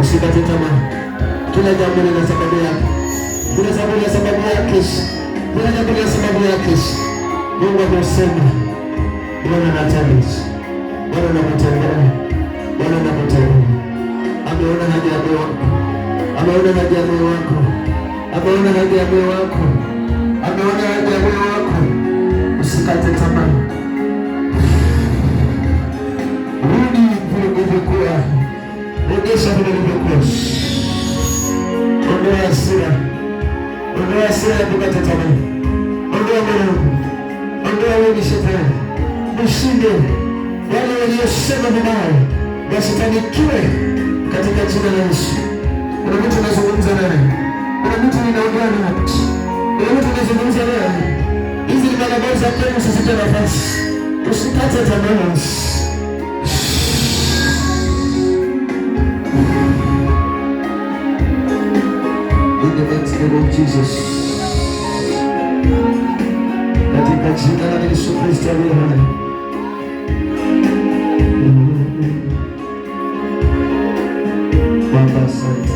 Usikate tamaa. Kila jambo lina sababu yake, kila jambo lina sababu yake, kila jambo lina sababu yake. Mungu anasema Bwana anatenda, Bwana anakutendea, Bwana anakutendea. Ameona haja ya moyo wako, ameona haja ya moyo wako, ameona haja ya moyo wako. Ondoa hasira, ondoa hasira katika Tanzania, ondoa mwanangu, ondoa wewe shetani, mshinde wale waliosema vibaya, wasifanikiwe katika jina la Yesu. Kuna mtu anazungumza naye, kuna mtu ninaongea naye, kuna mtu anazungumza naye. Hizi ni barabara za kwenu, usipate nafasi, usikate tamaa. in the mighty name of Jesus. Katika jina la Yesu Kristo aliye hai. Asante.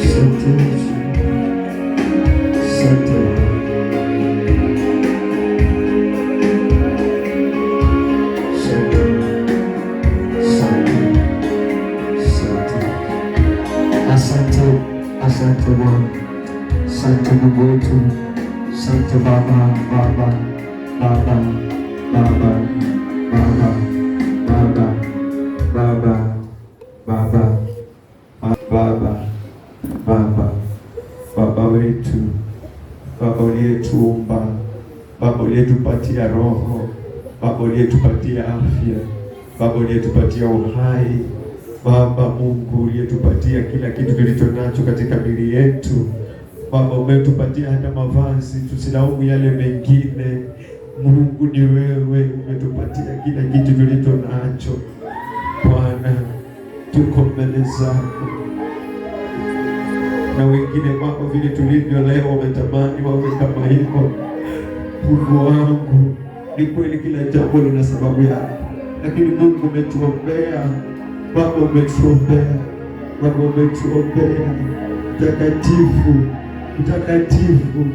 Asante. Mungu wetu. Sante Baba, Baba, Baba, Baba, Baba, Baba, Baba, Baba, Baba, Baba, Baba wetu, Baba uliyetuumba, Baba uliyetupatia roho, Baba uliyetupatia afya, Baba uliyetupatia uhai, Baba Mungu uliyetupatia kila kitu kilicho nacho katika mili yetu Baba, umetupatia hata mavazi, tusilaumu yale mengine. Mungu ni wewe, umetupatia kila kitu tulicho nacho. Bwana, tuko mbele zako na wengine Baba, vile tulivyo leo wametamani wawe kama hivyo. Mungu wangu, ni kweli kila jambo lina sababu yake, lakini Mungu umetuombea Baba, umetuombea Baba, umetuombea takatifu mtakatifu,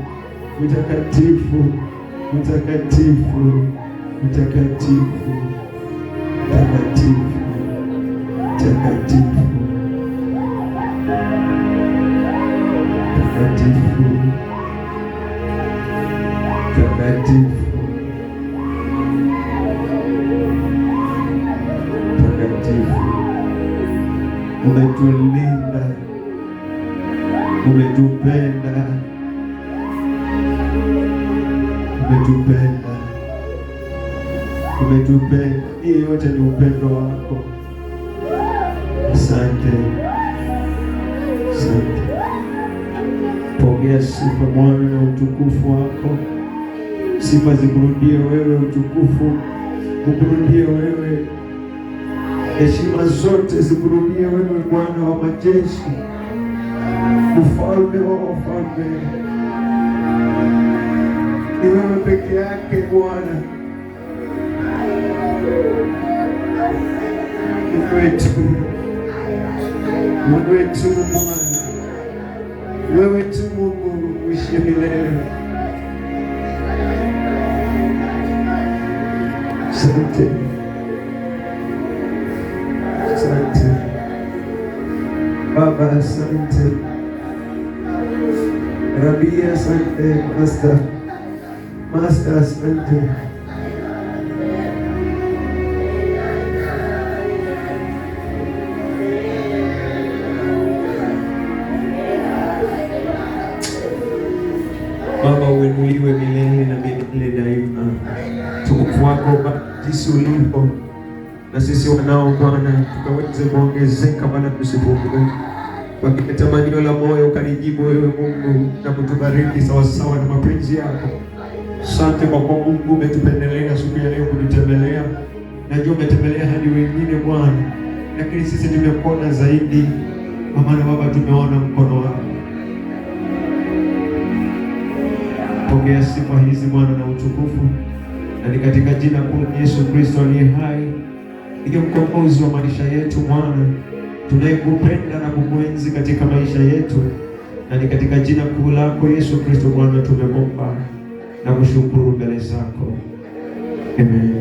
mtakatifu, mtakatifu, mtakatifu, mtakatifu, mtakatifu, mtakatifu, mtakatifu mtakatifu, umetulinda umetupenda, umetupenda, umetupenda. Hiyo yote ni upendo wako. Asante, asante. Pokea sifa Mwana na utukufu wako. Sifa zikurudie wewe, utukufu ukurudie wewe, heshima zote zikurudie wewe, Bwana wa majeshi mfalme wa wafalme, ni wewe peke yake Bwana, wetu, wetu Bwana, wewe tu Mungu uishi milele. Asante, asante Baba, asante Rabi, asante Master, Master, asante Baba, uenuliwe milele na milele daima. Tukufu wako jinsi ulivyo na sisi wanao Bwana tukaweze kuongezeka, maana tusipungue. Kwa kile tamanio la moyo ukanijibu wewe Mungu na kutubariki sawasawa na mapenzi yako. Asante kwa kuwa Mungu umetupendelea siku ya leo kunitembelea. Najua umetembelea hadi wengine Bwana, lakini sisi tumekuona zaidi, kwa maana Baba tumeona mkono wako. Pokea sifa hizi Bwana na utukufu, na ni katika jina kuu Yesu Kristo aliye hai ndiyo mkombozi wa maisha yetu, mwana tunayekupenda na kukuenzi katika maisha yetu, na ni katika jina kuu lako Yesu Kristo Bwana tumeomba na kushukuru mbele zako, amen.